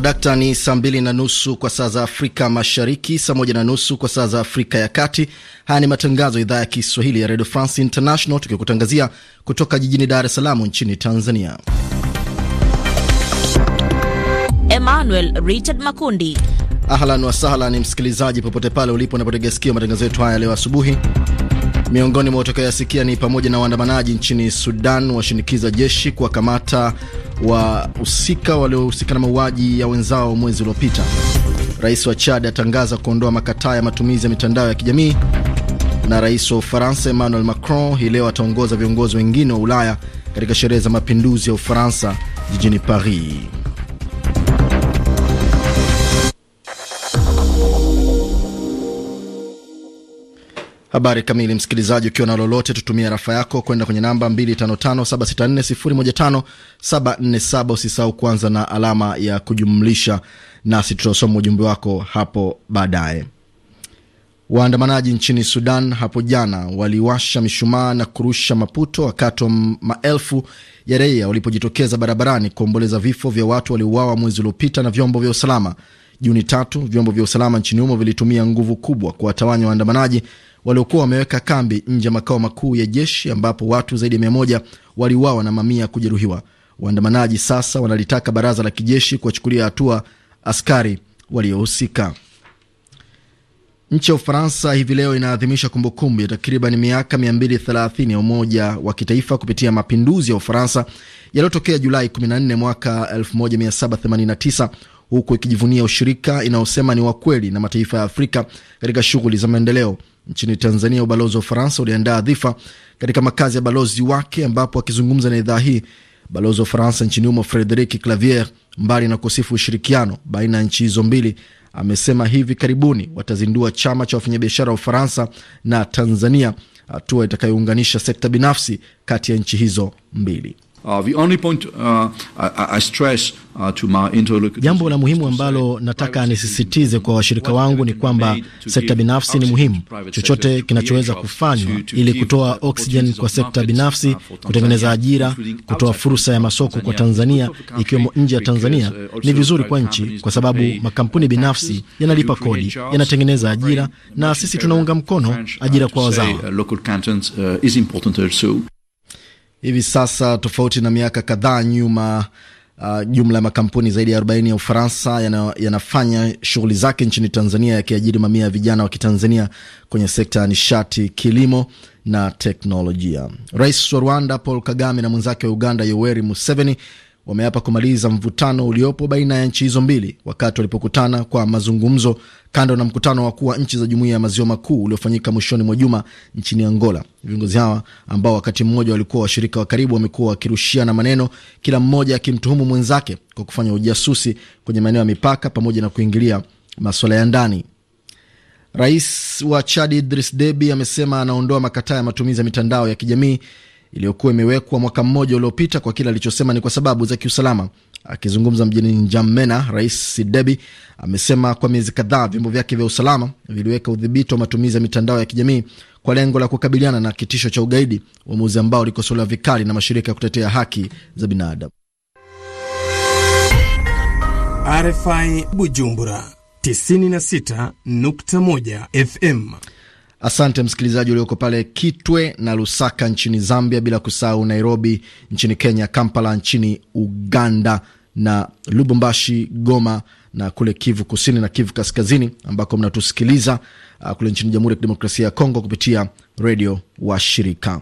dakta ni saa mbili na nusu kwa saa za Afrika Mashariki, saa moja na nusu kwa saa za Afrika ya Kati. Haya ni matangazo ya idhaa ya Kiswahili ya Radio France International, tukikutangazia kutoka jijini Dar es Salaam nchini Tanzania. Emmanuel Richard Makundi. Ahlan wasahlan, msikilizaji popote pale ulipo unapotegea sikio matangazo yetu haya leo asubuhi. Miongoni mwa utakayoyasikia ni pamoja na waandamanaji nchini Sudan washinikiza jeshi kuwakamata wahusika waliohusika na mauaji ya wenzao mwezi uliopita. Rais wa Chad atangaza kuondoa makataa ya matumizi ya mitandao ya kijamii, na rais wa Ufaransa Emmanuel Macron hii leo ataongoza viongozi wengine wa Ulaya katika sherehe za mapinduzi ya Ufaransa jijini Paris. Habari kamili, msikilizaji, ukiwa na lolote, tutumia rafa yako kwenda kwenye namba 255764015747. Usisahau kuanza na alama ya kujumlisha, nasi tutasoma ujumbe wako hapo baadaye. Waandamanaji nchini Sudan hapo jana waliwasha mishumaa na kurusha maputo wakati wa maelfu ya raia walipojitokeza barabarani kuomboleza vifo vya watu waliouawa mwezi uliopita na vyombo vya usalama. Juni tatu, vyombo vya usalama nchini humo vilitumia nguvu kubwa kuwatawanya waandamanaji waliokuwa wameweka kambi nje ya makao makuu ya jeshi ambapo watu zaidi ya mia moja waliuawa na mamia kujeruhiwa. Waandamanaji sasa wanalitaka baraza la kijeshi kuwachukulia hatua askari waliohusika. Nchi ya Ufaransa hivi leo inaadhimisha kumbukumbu ya takriban miaka 230 ya umoja wa kitaifa kupitia mapinduzi ya Ufaransa yaliyotokea Julai 14 mwaka 1789 huku ikijivunia ushirika inayosema ni wa kweli na mataifa ya Afrika katika shughuli za maendeleo. Nchini Tanzania, ubalozi wa Ufaransa uliandaa dhifa katika makazi ya balozi wake, ambapo akizungumza na idhaa hii, balozi wa Ufaransa nchini humo Frederic Clavier, mbali na kusifu ushirikiano baina ya nchi hizo mbili, amesema hivi karibuni watazindua chama cha wafanyabiashara wa Ufaransa na Tanzania, hatua itakayounganisha sekta binafsi kati ya nchi hizo mbili. Uh, uh, uh, Jambo la muhimu ambalo nataka nisisitize kwa washirika wangu ni kwamba sekta binafsi ni muhimu. Chochote kinachoweza kufanywa ili kutoa oksijeni kwa sekta binafsi, kutengeneza ajira, kutoa fursa ya masoko kwa Tanzania ikiwemo nje ya Tanzania ni vizuri kwa nchi, kwa sababu makampuni binafsi yanalipa kodi, yanatengeneza ajira, na sisi tunaunga mkono ajira kwa wazawa hivi sasa, tofauti na miaka kadhaa nyuma. Uh, jumla ya makampuni zaidi ya 40 ya Ufaransa yana, yanafanya shughuli zake nchini Tanzania yakiajiri mamia ya vijana wa Kitanzania kwenye sekta ya nishati, kilimo na teknolojia. Rais wa Rwanda Paul Kagame na mwenzake wa Uganda Yoweri Museveni wameapa kumaliza mvutano uliopo baina ya nchi hizo mbili wakati walipokutana kwa mazungumzo kando na mkutano kuu wa nchi za jumuiya ya maziwa makuu uliofanyika mwishoni mwa juma nchini Angola. Viongozi hawa ambao wakati mmoja walikuwa washirika wa karibu wamekuwa wakirushia na maneno, kila mmoja akimtuhumu mwenzake kwa kufanya ujasusi kwenye maeneo ya mipaka pamoja na kuingilia masuala ya ndani. Rais wa Chad Idris Deby amesema anaondoa makataa ya matumizi ya mitandao ya kijamii iliyokuwa imewekwa mwaka mmoja uliopita kwa kile alichosema ni kwa sababu za kiusalama. Akizungumza mjini Njamena, Rais Sidebi amesema kwa miezi kadhaa vyombo vyake vya usalama viliweka udhibiti wa matumizi ya mitandao ya kijamii kwa lengo la kukabiliana na kitisho cha ugaidi, uamuzi ambao ulikosolewa vikali na mashirika ya kutetea haki za binadamu. RFI Bujumbura 96.1 FM Asante msikilizaji ulioko pale Kitwe na Lusaka nchini Zambia, bila kusahau Nairobi nchini Kenya, Kampala nchini Uganda, na Lubumbashi, Goma na kule Kivu Kusini na Kivu Kaskazini, ambako mnatusikiliza uh, kule nchini Jamhuri ya Kidemokrasia ya Kongo kupitia redio wa shirika.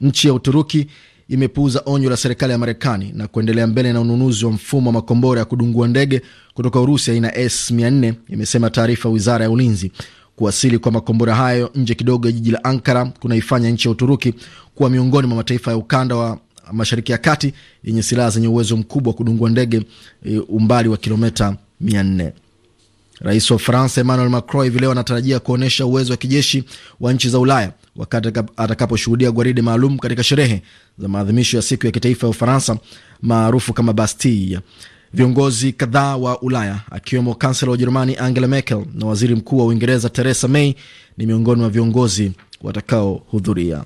Nchi ya Uturuki imepuuza onyo la serikali ya Marekani na kuendelea mbele na ununuzi wa mfumo wa makombora ya kudungua ndege kutoka Urusi aina S 400 imesema taarifa wizara ya ulinzi. Kuwasili kwa makombora hayo nje kidogo ya jiji la Ankara kunaifanya nchi ya Uturuki kuwa miongoni mwa mataifa ya ukanda wa Mashariki ya Kati yenye silaha zenye uwezo mkubwa wa kudungua ndege e, umbali wa kilomita 400. Rais wa Ufaransa Emmanuel Macron hivi leo anatarajia kuonyesha uwezo wa kijeshi wa nchi za Ulaya wakati atakaposhuhudia gwaride maalum katika sherehe za maadhimisho ya siku ya kitaifa ya Ufaransa maarufu kama Bastille. Viongozi kadhaa wa Ulaya akiwemo kansela wa Ujerumani Angela Merkel na waziri mkuu wa Uingereza Theresa May ni miongoni mwa viongozi watakaohudhuria.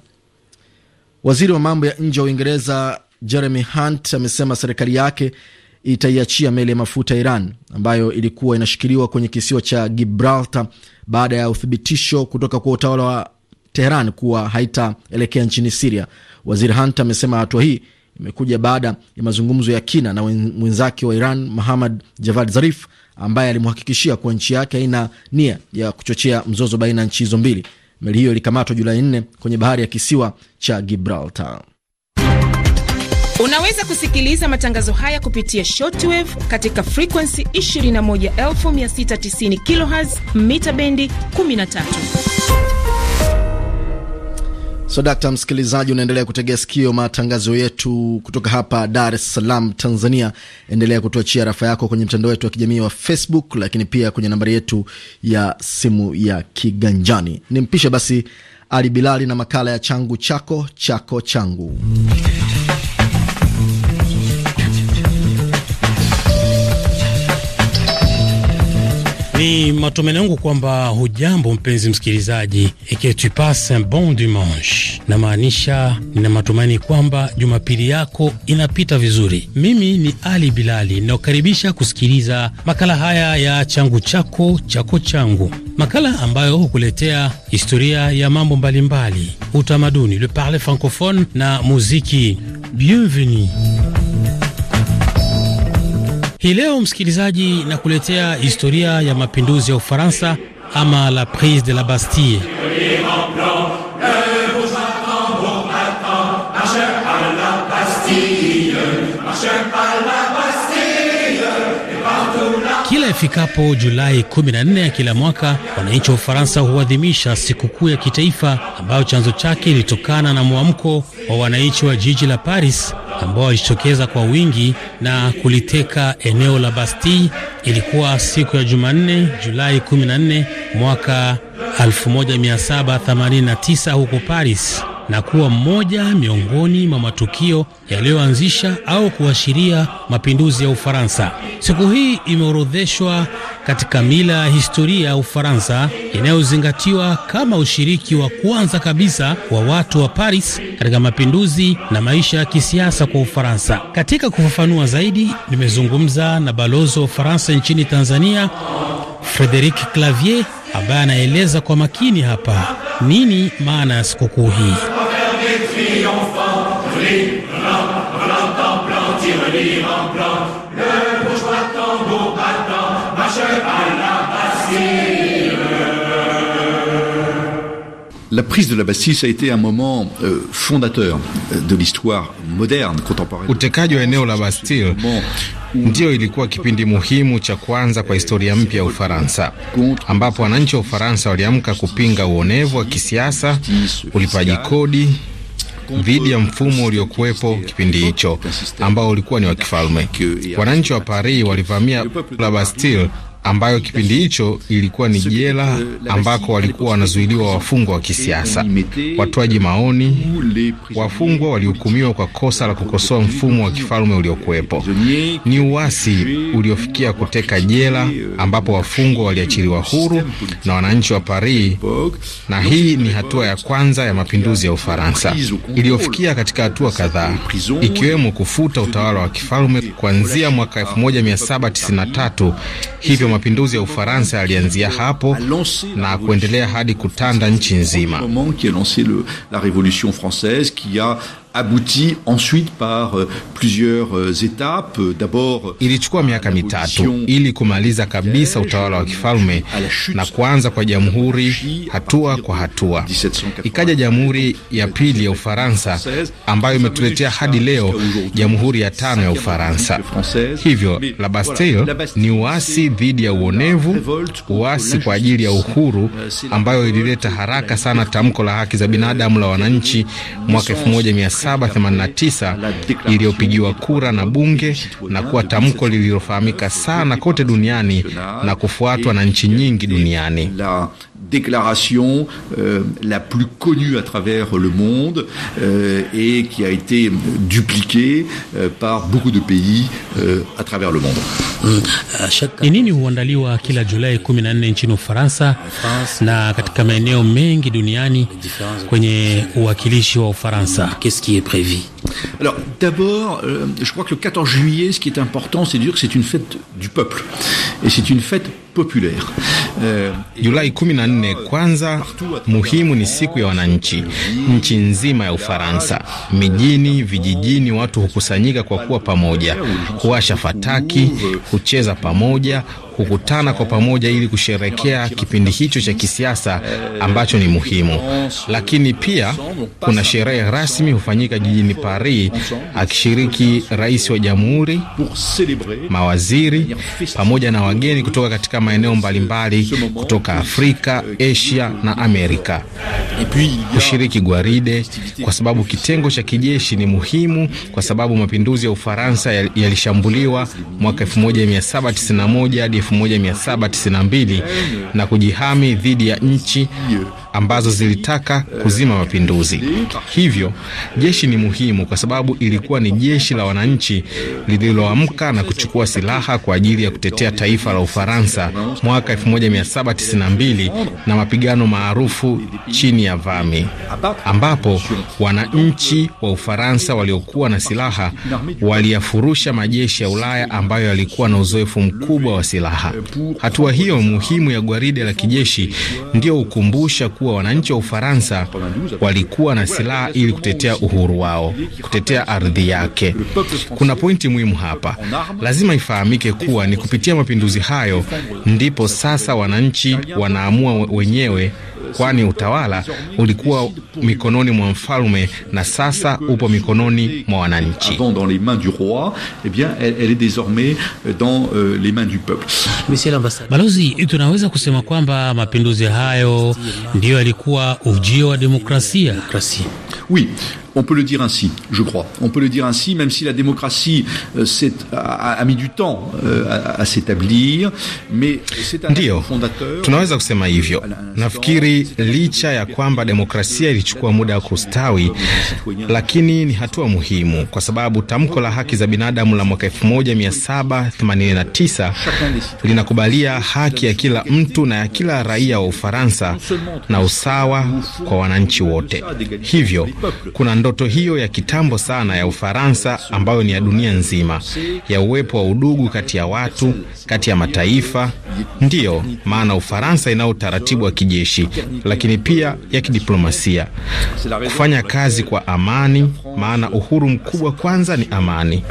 Waziri wa mambo ya nje wa Uingereza Jeremy Hunt amesema serikali yake itaiachia meli ya mafuta ya Iran ambayo ilikuwa inashikiliwa kwenye kisiwa cha Gibraltar baada ya uthibitisho kutoka kwa utawala wa Teheran kuwa haitaelekea nchini Siria. Waziri Hunt amesema hatua hii imekuja baada ya mazungumzo ya kina na mwenzake wa Iran Muhammad Javad Zarif ambaye alimhakikishia kuwa nchi yake haina nia ya kuchochea mzozo baina ya nchi hizo mbili. Meli hiyo ilikamatwa Julai 4 kwenye bahari ya kisiwa cha Gibraltar. Unaweza kusikiliza matangazo haya kupitia shortwave katika frekuensi 21690 kHz mita bendi 13. So dakta msikilizaji, unaendelea kutegea sikio matangazo yetu kutoka hapa Dar es Salaam, Tanzania. Endelea kutuachia rafa yako kwenye mtandao wetu wa kijamii wa Facebook, lakini pia kwenye nambari yetu ya simu ya kiganjani. Nimpishe basi Ali Bilali na makala ya changu chako chako changu Ni matumaini yangu kwamba hujambo mpenzi msikilizaji, eke tu passe un bon dimanche, namaanisha nina matumaini kwamba jumapili yako inapita vizuri. Mimi ni Ali Bilali nakukaribisha kusikiliza makala haya ya changu chako chako changu, makala ambayo hukuletea historia ya mambo mbalimbali, utamaduni, le parler francophone na muziki. Bienvenue. Hii leo msikilizaji, na kuletea historia ya mapinduzi ya Ufaransa ama la prise de la Bastille. ifikapo Julai 14 ya kila mwaka, wananchi wa Ufaransa huadhimisha sikukuu ya kitaifa ambayo chanzo chake ilitokana na mwamko wa wananchi wa jiji la Paris ambao walijitokeza kwa wingi na kuliteka eneo la Bastille. Ilikuwa siku ya Jumanne, Julai 14 mwaka 1789 huko Paris na kuwa mmoja miongoni mwa matukio yaliyoanzisha au kuashiria mapinduzi ya Ufaransa. Siku hii imeorodheshwa katika mila ya historia ya Ufaransa inayozingatiwa kama ushiriki wa kwanza kabisa wa watu wa Paris katika mapinduzi na maisha ya kisiasa kwa Ufaransa. Katika kufafanua zaidi, nimezungumza na balozi wa Ufaransa nchini Tanzania Frederic Clavier ambaye anaeleza kwa makini hapa nini maana ya sikukuu hii. triomphant, ri, ra, ra, en plan, tire en plan, le bourgeois tambour battant, marche à la Bastille. La prise de la Bastille, ça a été un moment euh, fondateur euh, de l'histoire moderne, contemporaine. Utekaji wa eneo la Bastille ndio ilikuwa kipindi muhimu cha kwanza kwa historia mpya ya Ufaransa, ambapo wananchi wa Ufaransa waliamka kupinga uonevu wa kisiasa, ulipaji kodi dhidi ya mfumo uliokuwepo kipindi hicho ambao ulikuwa ni wa kifalme. Wananchi wa Paris walivamia la Bastille ambayo kipindi hicho ilikuwa ni jela euh, ambako walikuwa wanazuiliwa wafungwa wa kisiasa, watoaji maoni, wafungwa walihukumiwa kwa kosa la kukosoa mfumo wa kifalme uliokuwepo. Ni uasi uliofikia kuteka jela euh, ambapo wafungwa waliachiliwa huru na wananchi wa Paris, na hii ni hatua ya kwanza ya mapinduzi ya Ufaransa iliyofikia katika hatua kadhaa, ikiwemo kufuta utawala wa kifalme kuanzia mwaka 1793 hivyo mapinduzi ya Ufaransa alianzia hapo na kuendelea hadi kutanda nchi nzima abouti ensuite par euh, plusieurs euh, étapes. Euh, d'abord, ilichukua miaka mitatu ili kumaliza kabisa utawala wa kifalme na kuanza kwa jamhuri hatua kwa hatua. Ikaja jamhuri ya pili ya Ufaransa ambayo imetuletea hadi leo jamhuri ya tano ya Ufaransa. Hivyo la Bastille ni uasi dhidi ya uonevu, uasi kwa ajili ya uhuru ambayo ilileta haraka sana tamko la haki za binadamu la wananchi mwaka 1 789 iliyopigiwa kura na bunge na kuwa tamko lililofahamika sana kote duniani na kufuatwa na nchi nyingi duniani. déclaration euh, la plus connue à travers le monde euh, et qui a été dupliquée euh, par beaucoup de pays à travers le monde. na duniani kwenye wa Qu'est-ce qui est prévu? Alors d'abord, je crois que le 14 juillet, ce qui est important, c'est de dire que c'est une fête du peuple et c'est une fête Euh, Julai 14 kwanza muhimu ni siku ya wananchi nchi nzima ya Ufaransa. Mijini, vijijini, watu hukusanyika kwa kuwa pamoja, kuwasha fataki, kucheza pamoja kukutana kwa pamoja ili kusherekea kipindi hicho cha kisiasa ambacho ni muhimu. Lakini pia kuna sherehe rasmi hufanyika jijini Paris, akishiriki rais wa jamhuri, mawaziri pamoja na wageni kutoka katika maeneo mbalimbali kutoka Afrika, Asia na Amerika. Kushiriki gwaride kwa sababu kitengo cha kijeshi ni muhimu kwa sababu mapinduzi ya Ufaransa yalishambuliwa mwaka 1791 hadi 1792 na kujihami dhidi ya nchi ambazo zilitaka kuzima mapinduzi. Hivyo jeshi ni muhimu kwa sababu ilikuwa ni jeshi la wananchi lililoamka na kuchukua silaha kwa ajili ya kutetea taifa la Ufaransa mwaka 1792 na mapigano maarufu chini ya Vami, ambapo wananchi wa Ufaransa waliokuwa na silaha waliyafurusha majeshi ya Ulaya ambayo yalikuwa na uzoefu mkubwa wa silaha. Hatua hiyo muhimu ya gwaride la kijeshi ndiyo hukumbusha kuwa wananchi wa Ufaransa walikuwa na silaha ili kutetea uhuru wao, kutetea ardhi yake. Kuna pointi muhimu hapa, lazima ifahamike kuwa ni kupitia mapinduzi hayo ndipo sasa wananchi wanaamua wenyewe kwani utawala ulikuwa mikononi mwa mfalme na sasa upo mikononi mwa wananchi. Eh euh, euh, Balozi, tunaweza kusema kwamba mapinduzi hayo ndiyo yalikuwa ujio wa demokrasia? On peut le dire ainsi, je crois. On peut le dire ainsi, même si la démocratie euh, a, a, mis du temps euh, à, à s'établir, mais c'est un Dio, fondateur. Tunaweza kusema hivyo. Nafikiri licha ya kwamba demokrasia ilichukua muda wa kustawi, lakini ni hatua muhimu, kwa sababu tamko la haki za binadamu la mwaka 1789 linakubalia haki ya kila mtu na ya kila raia wa Ufaransa na usawa kwa wananchi wote. Hivyo kuna ndoto hiyo ya kitambo sana ya Ufaransa ambayo ni ya dunia nzima, ya uwepo wa udugu kati ya watu, kati ya mataifa. Ndiyo maana Ufaransa inao utaratibu wa kijeshi, lakini pia ya kidiplomasia, kufanya kazi kwa amani maana uhuru mkubwa kwanza ni amani,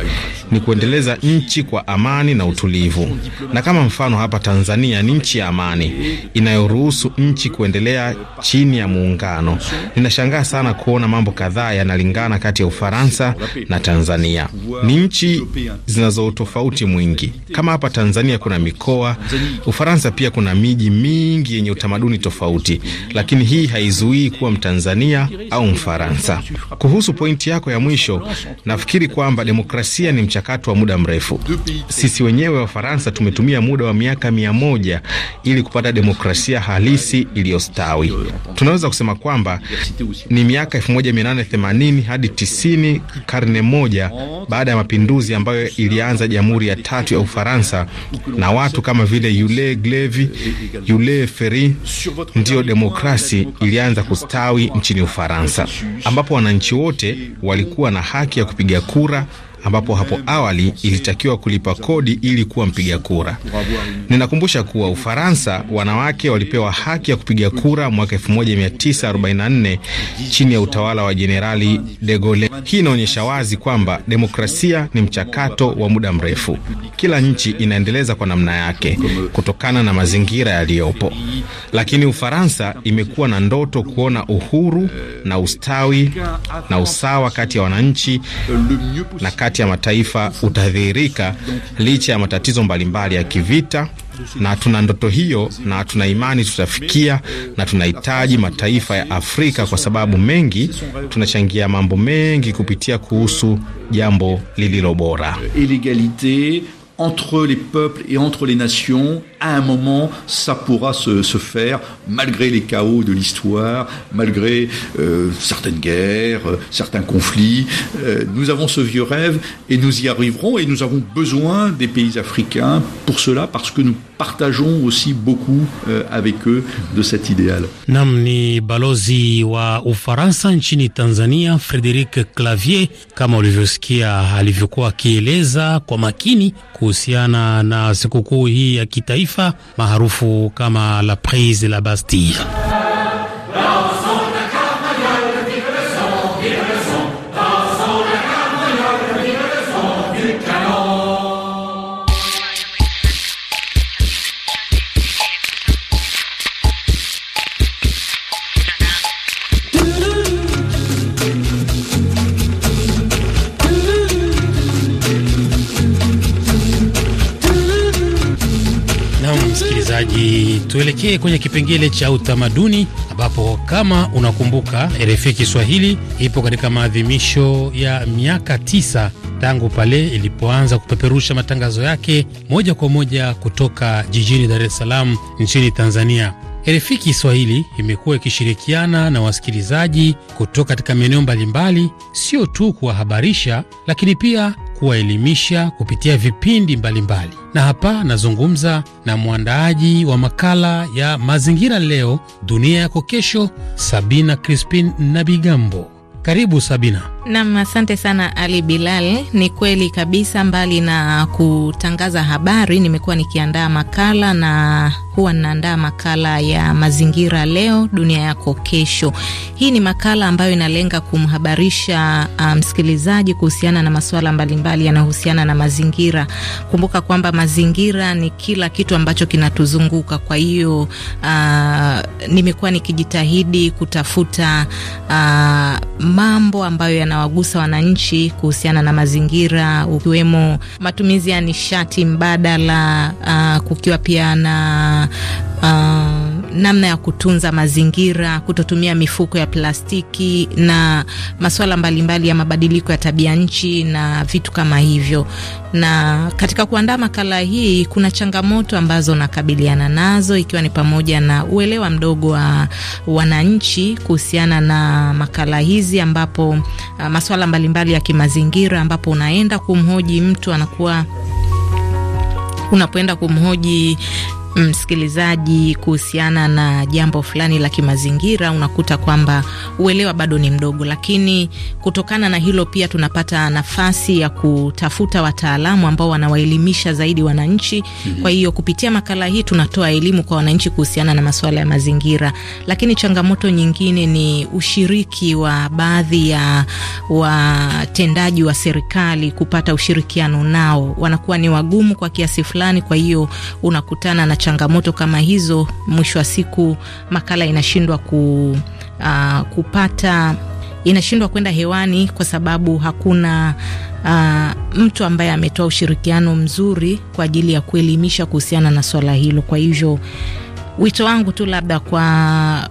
ni kuendeleza nchi kwa amani na utulivu. Na kama mfano hapa Tanzania ni nchi ya amani inayoruhusu nchi kuendelea chini ya muungano. Ninashangaa sana kuona mambo kadhaa yanalingana kati ya Ufaransa na Tanzania. Ni nchi zinazo utofauti mwingi. Kama hapa Tanzania kuna mikoa, Ufaransa pia kuna miji mingi yenye utamaduni tofauti, lakini hii haizuii kuwa Mtanzania au Mfaransa. Kuhusu pointi yako ya mwisho, nafikiri kwamba demokrasia ni mchakato wa muda mrefu. Sisi wenyewe Wafaransa tumetumia muda wa miaka mia moja ili kupata demokrasia halisi iliyostawi. Tunaweza kusema kwamba ni miaka 1880 hadi 90, karne moja baada ya mapinduzi ambayo ilianza Jamhuri ya Tatu ya Ufaransa, na watu kama vile yule Glevi, yule feri ndiyo demokrasi ilianza kustawi nchini Ufaransa, ambapo wananchi wote walikuwa na haki ya kupiga kura ambapo hapo awali ilitakiwa kulipa kodi ili kuwa mpiga kura. Ninakumbusha kuwa Ufaransa, wanawake walipewa haki ya kupiga kura mwaka 1944 chini ya utawala wa Jenerali de Gaulle. Hii inaonyesha wazi kwamba demokrasia ni mchakato wa muda mrefu. Kila nchi inaendeleza kwa namna yake kutokana na mazingira yaliyopo, lakini Ufaransa imekuwa na ndoto kuona uhuru na ustawi na usawa kati ya wananchi na kati kati ya mataifa utadhihirika licha ya matatizo mbalimbali ya kivita, na tuna ndoto hiyo na tuna imani tutafikia, na tunahitaji mataifa ya Afrika kwa sababu mengi tunachangia mambo mengi kupitia kuhusu jambo lililo bora. Entre les peuples et entre les nations à un moment, ça pourra se, se faire, malgré les chaos de l'histoire, malgré euh, certaines guerres, euh, certains conflits. Euh, nous avons ce vieux rêve et nous y arriverons et nous avons besoin des pays africains pour cela, parce que nous partageons aussi beaucoup avec eux de cet idéal. Namni balozi wa Ufaransa nchini Tanzania Frédéric Clavier, alivyokuwa akieleza kwa makini kuhusiana na sikukuu hii ya Fa comme kama La Prise de la Bastille. tuelekee kwenye kipengele cha utamaduni, ambapo kama unakumbuka, RFI Kiswahili ipo katika maadhimisho ya miaka tisa tangu pale ilipoanza kupeperusha matangazo yake moja kwa moja kutoka jijini Dar es Salaam nchini Tanzania. RFI Kiswahili imekuwa ikishirikiana na wasikilizaji kutoka katika maeneo mbalimbali, sio tu kuwahabarisha, lakini pia kuwaelimisha kupitia vipindi mbalimbali mbali. Na hapa nazungumza na mwandaaji wa makala ya Mazingira Leo Dunia Yako Kesho, Sabina Crispin Nabigambo. Karibu Sabina. Nam, asante sana Ali Bilal. Ni kweli kabisa, mbali na kutangaza habari, nimekuwa nikiandaa makala na huwa ninaandaa makala ya mazingira leo dunia yako kesho. Hii ni makala ambayo inalenga kumhabarisha uh, msikilizaji um, kuhusiana na masuala mbalimbali yanayohusiana na mazingira. Kumbuka kwamba mazingira ni kila kitu ambacho kinatuzunguka. Kwa hiyo uh, nimekuwa nikijitahidi kutafuta uh, mambo ambayo yanawagusa wananchi kuhusiana na mazingira, ukiwemo matumizi ya nishati mbadala, uh, kukiwa pia na uh, namna ya kutunza mazingira, kutotumia mifuko ya plastiki na masuala mbalimbali ya mabadiliko ya tabia nchi na vitu kama hivyo. Na katika kuandaa makala hii kuna changamoto ambazo nakabiliana nazo, ikiwa ni pamoja na uelewa mdogo wa wananchi kuhusiana na makala hizi, ambapo ah, masuala mbalimbali ya kimazingira, ambapo unaenda kumhoji mtu anakuwa unapoenda kumhoji msikilizaji kuhusiana na jambo fulani la kimazingira, unakuta kwamba uelewa bado ni mdogo, lakini kutokana na hilo pia tunapata nafasi ya kutafuta wataalamu ambao wanawaelimisha zaidi wananchi. mm -hmm. Kwa hiyo kupitia makala hii tunatoa elimu kwa wananchi kuhusiana na masuala ya mazingira, lakini changamoto nyingine ni ushiriki wa baadhi ya watendaji wa, wa serikali kupata ushirikiano nao, wanakuwa ni wagumu kwa kiasi fulani, kwa hiyo unakutana na changamoto kama hizo, mwisho wa siku makala inashindwa ku, uh, kupata inashindwa kwenda hewani kwa sababu hakuna uh, mtu ambaye ametoa ushirikiano mzuri kwa ajili ya kuelimisha kuhusiana na swala hilo. Kwa hivyo wito wangu tu labda kwa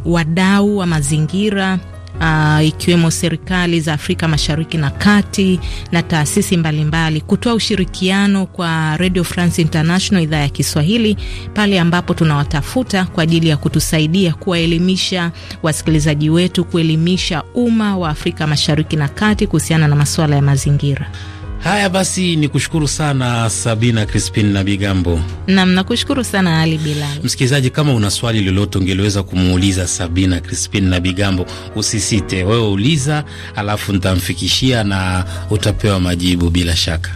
wadau wa mazingira uh, ikiwemo serikali za Afrika Mashariki na Kati na taasisi mbalimbali kutoa ushirikiano kwa Radio France International idhaa ya Kiswahili pale ambapo tunawatafuta kwa ajili ya kutusaidia kuwaelimisha wasikilizaji wetu, kuelimisha umma wa Afrika Mashariki na Kati kuhusiana na masuala ya mazingira. Haya basi, ni kushukuru sana Sabina Crispin na Bigambo. Nam, nakushukuru sana Ali Bilal. Msikilizaji, kama una swali lolote ungeliweza kumuuliza Sabina Crispin na Bigambo, usisite wewe, uliza alafu nitamfikishia na utapewa majibu bila shaka.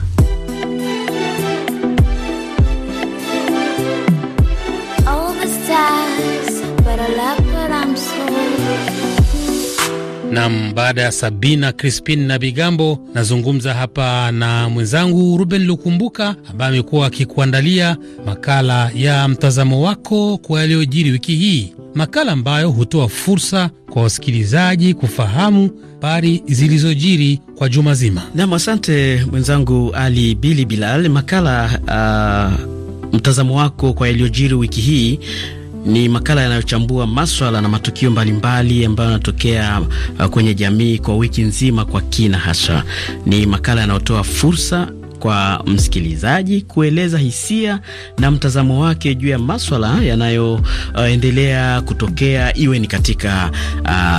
Nam, baada ya Sabina Crispin na Bigambo, nazungumza hapa na mwenzangu Ruben Lukumbuka ambaye amekuwa akikuandalia makala ya mtazamo wako kwa yaliyojiri wiki hii, makala ambayo hutoa fursa kwa wasikilizaji kufahamu habari zilizojiri kwa juma zima. Nam, asante mwenzangu Ali Bili Bilal. Makala uh, mtazamo wako kwa yaliyojiri wiki hii ni makala yanayochambua maswala na matukio mbalimbali ambayo yanatokea uh, kwenye jamii kwa wiki nzima kwa kina hasa. Ni makala yanayotoa fursa kwa msikilizaji kueleza hisia na mtazamo wake juu ya maswala yanayoendelea uh, kutokea iwe ni katika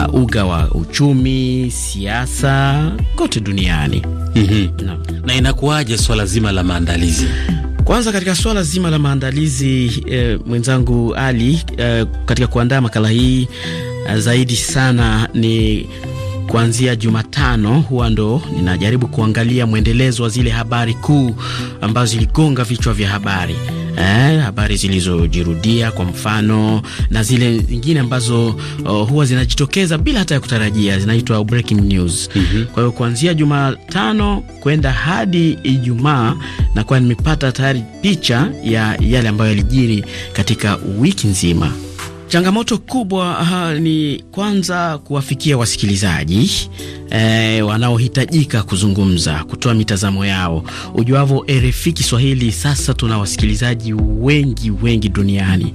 uh, uga wa uchumi, siasa kote duniani. Mm -hmm. Na, na inakuwaje swala zima la maandalizi kwanza katika swala zima la maandalizi eh, mwenzangu Ali eh, katika kuandaa makala hii eh, zaidi sana ni kuanzia Jumatano huwa ndo ninajaribu kuangalia mwendelezo wa zile habari kuu ambazo ziligonga vichwa vya habari eh, habari zilizojirudia kwa mfano na zile nyingine ambazo oh, huwa zinajitokeza bila hata ya kutarajia zinaitwa breaking news. Mm -hmm. Kwa hiyo kuanzia Jumatano kwenda hadi Ijumaa na kwa nimepata tayari picha ya yale ambayo yalijiri katika wiki nzima. Changamoto kubwa ha, ni kwanza kuwafikia wasikilizaji e, wanaohitajika kuzungumza, kutoa mitazamo yao. Ujuavo RFI Kiswahili, sasa tuna wasikilizaji wengi wengi duniani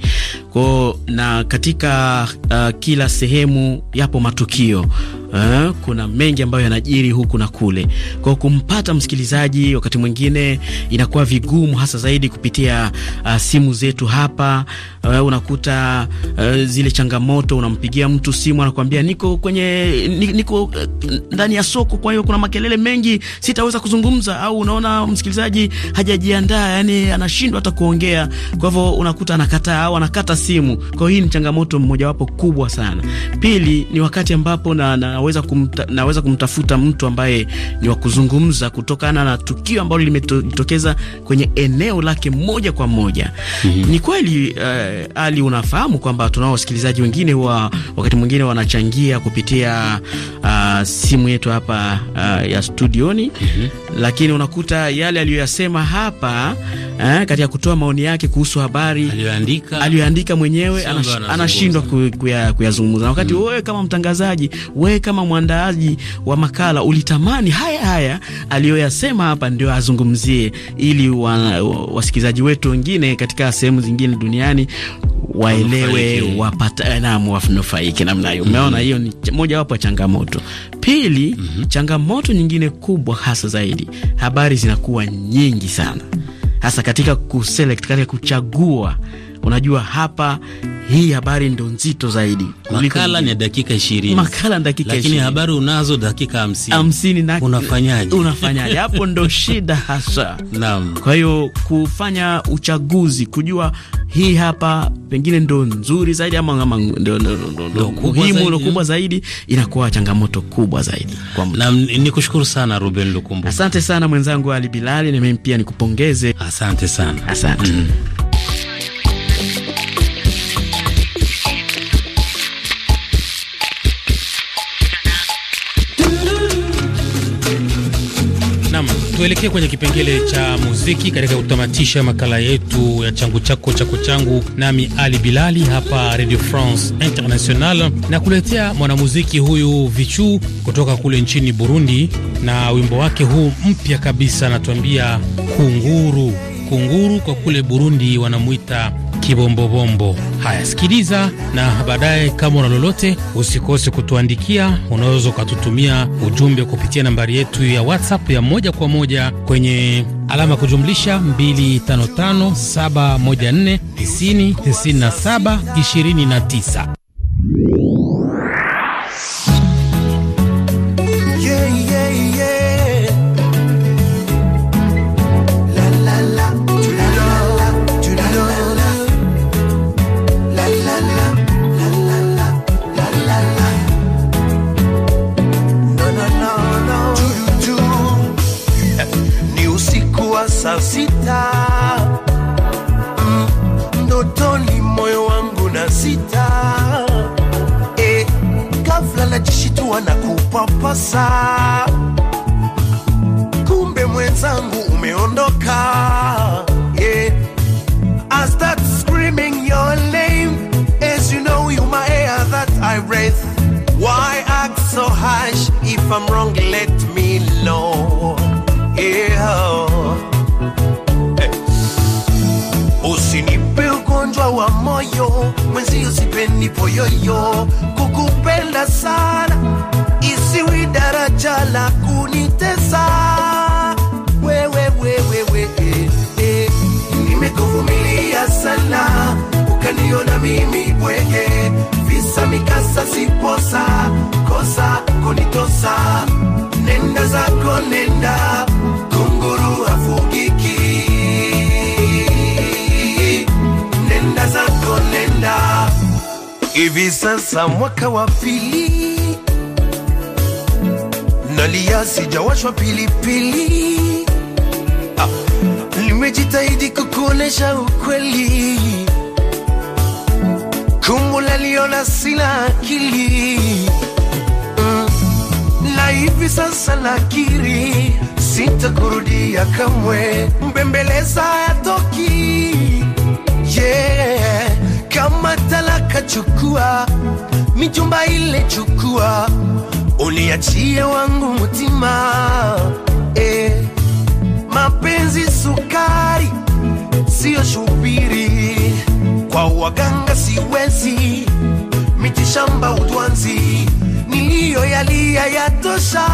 kwao, na katika uh, kila sehemu yapo matukio Aa, kuna mengi ambayo yanajiri huku na kule, kwa kumpata msikilizaji wakati mwingine inakuwa vigumu, hasa zaidi kupitia uh, simu zetu hapa. Uh, unakuta uh, zile changamoto, unampigia mtu simu anakuambia niko kwenye niko uh, ndani ya soko, kwa hiyo kuna makelele mengi, sitaweza kuzungumza. Au unaona msikilizaji hajajiandaa, yani anashindwa hata kuongea, kwa hivyo unakuta anakataa au anakata simu. Kwa hiyo hii ni changamoto mojawapo kubwa sana. Pili ni wakati ambapo na, na naweza, kumta, naweza kumtafuta mtu ambaye ni wa kuzungumza kutokana na tukio ambalo limetokeza kwenye eneo lake moja kwa moja. mm -hmm. Ni kweli uh, Ali, unafahamu kwamba tunao wasikilizaji wengine wa wakati mwingine wanachangia kupitia uh, simu yetu hapa uh, ya studioni. mm -hmm. Lakini unakuta yale aliyoyasema hapa eh, katika kutoa maoni yake kuhusu habari aliyoandika mwenyewe anashindwa kuyazungumza, kuya, na wakati mhm. wewe kama mtangazaji wewe kama mwandaaji wa makala ulitamani haya haya aliyoyasema hapa ndio azungumzie, ili wa, wa, wasikilizaji wetu wengine katika sehemu zingine duniani waelewe wapata eh, naam, wanufaike namna hiyo. Umeona, mm-hmm. Hiyo ni moja wapo ya changamoto. Pili, mm -hmm. changamoto nyingine kubwa hasa zaidi, habari zinakuwa nyingi sana, hasa katika kuselect, katika kuchagua Unajua hapa hii habari ndo nzito zaidi. Makala ni dakika 20. Makala ni dakika 20. Lakini habari unazo dakika 50. 50 na unafanyaje? Unafanyaje? Hapo ndo shida hasa. Naam. Kwa hiyo kufanya uchaguzi, kujua hii hapa pengine ndo nzuri zaidi ama ama ndo ndo muhimu eh? kubwa zaidi, inakuwa changamoto kubwa zaidi kwa mtu. Naam, nikushukuru sana Ruben Lukumbu. Asante sana mwenzangu Ali Bilali, na mimi pia nikupongeze. Asante sana. Asante. Mm. tuelekee kwenye kipengele cha muziki katika kutamatisha makala yetu ya changu chako chako changu, nami Ali Bilali hapa Radio France International, na kuletea mwanamuziki huyu Vichu kutoka kule nchini Burundi, na wimbo wake huu mpya kabisa anatuambia kunguru. Kunguru kwa kule Burundi wanamwita Kibombobombo. Haya, sikiliza na baadaye, kama una lolote usikose kutuandikia. Unaweza ukatutumia ujumbe kupitia nambari yetu ya WhatsApp ya moja kwa moja kwenye alama kujumlisha 255714909729. yoyo kukupenda sana, isiwi daraja la kunitesa wewe, wewe, wewe, eh, sana ukaniona mimi bwege, visa mikasa, siposa kosa kunitosa, nenda zako nenda, kunguru hafugiki nenda zako nenda Hivi sasa mwaka wa pili nalia, sijawashwa pilipili. Ah, nimejitahidi kukuonesha ukweli, kumbula liona sina akili mm. Na hivi sasa nakiri, sitakurudia kamwe, mbembeleza toki mijumba ile chukua, uniachie wangu mtima eh, mapenzi sukari siyo shubiri, kwa waganga siwezi, mitishamba utwanzi niliyo yalia yatosha.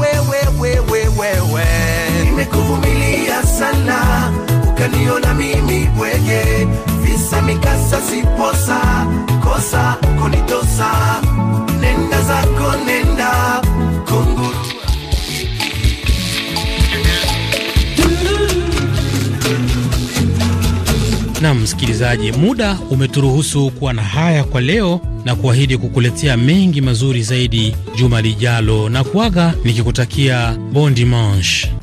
Wewe wewe wewe, nimekuvumilia sana, ukaniona mimi bwege Samikasa siposa kosa kunitosa nenda zako nenda kunguru na msikilizaji, muda umeturuhusu kuwa na haya kwa leo na kuahidi kukuletea mengi mazuri zaidi juma lijalo, na kuaga nikikutakia bon dimanche.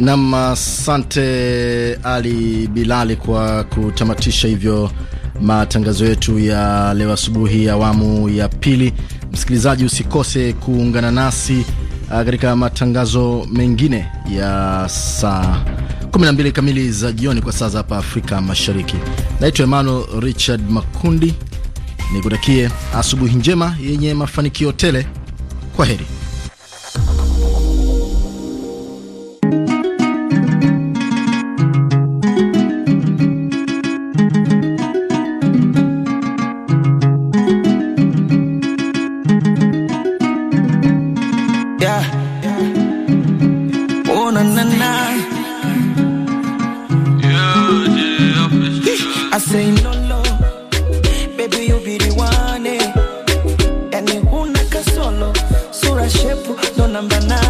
Nam, asante Ali Bilali kwa kutamatisha hivyo matangazo yetu ya leo asubuhi, awamu ya pili. Msikilizaji, usikose kuungana nasi ah, katika matangazo mengine ya saa 12 kamili za jioni kwa saa za hapa Afrika Mashariki. Naitwa Emmanuel Richard Makundi, nikutakie asubuhi njema yenye mafanikio tele. Kwa heri. remember now.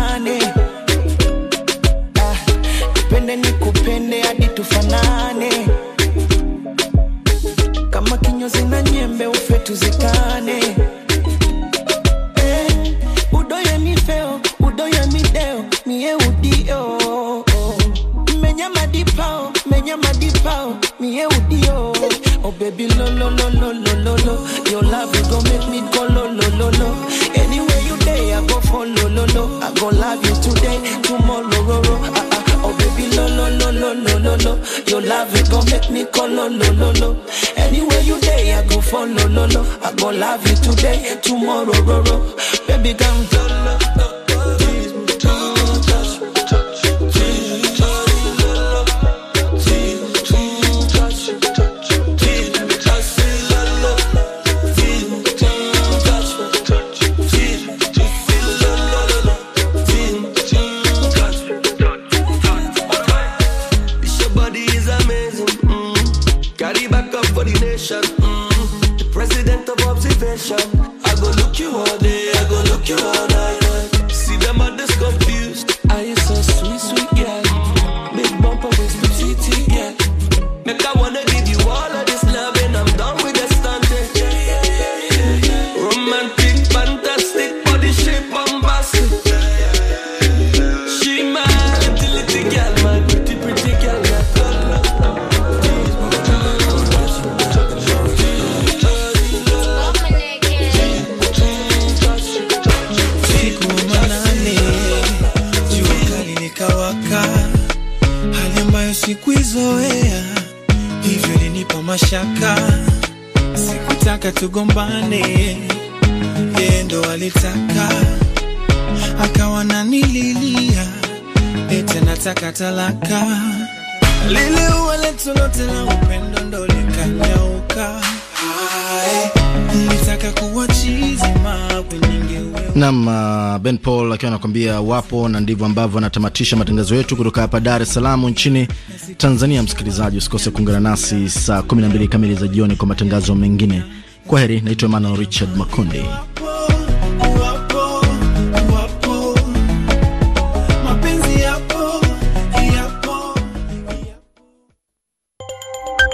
sikuizoea hivyo, ilinipa mashaka, sikutaka tugombane, yeye ndo alitaka, akawa nanililia ete nataka talaka. Lile ua letu lote la upendo ndo likanyauka. Nam uh, Ben Paul akiwa anakuambia wapo, na ndivyo ambavyo anatamatisha matangazo yetu kutoka hapa Dar es Salaam nchini Tanzania. Msikilizaji, usikose kuungana nasi saa 12 kamili za jioni kwa matangazo mengine. Kwa heri, naitwa Emmanuel Richard Makundi.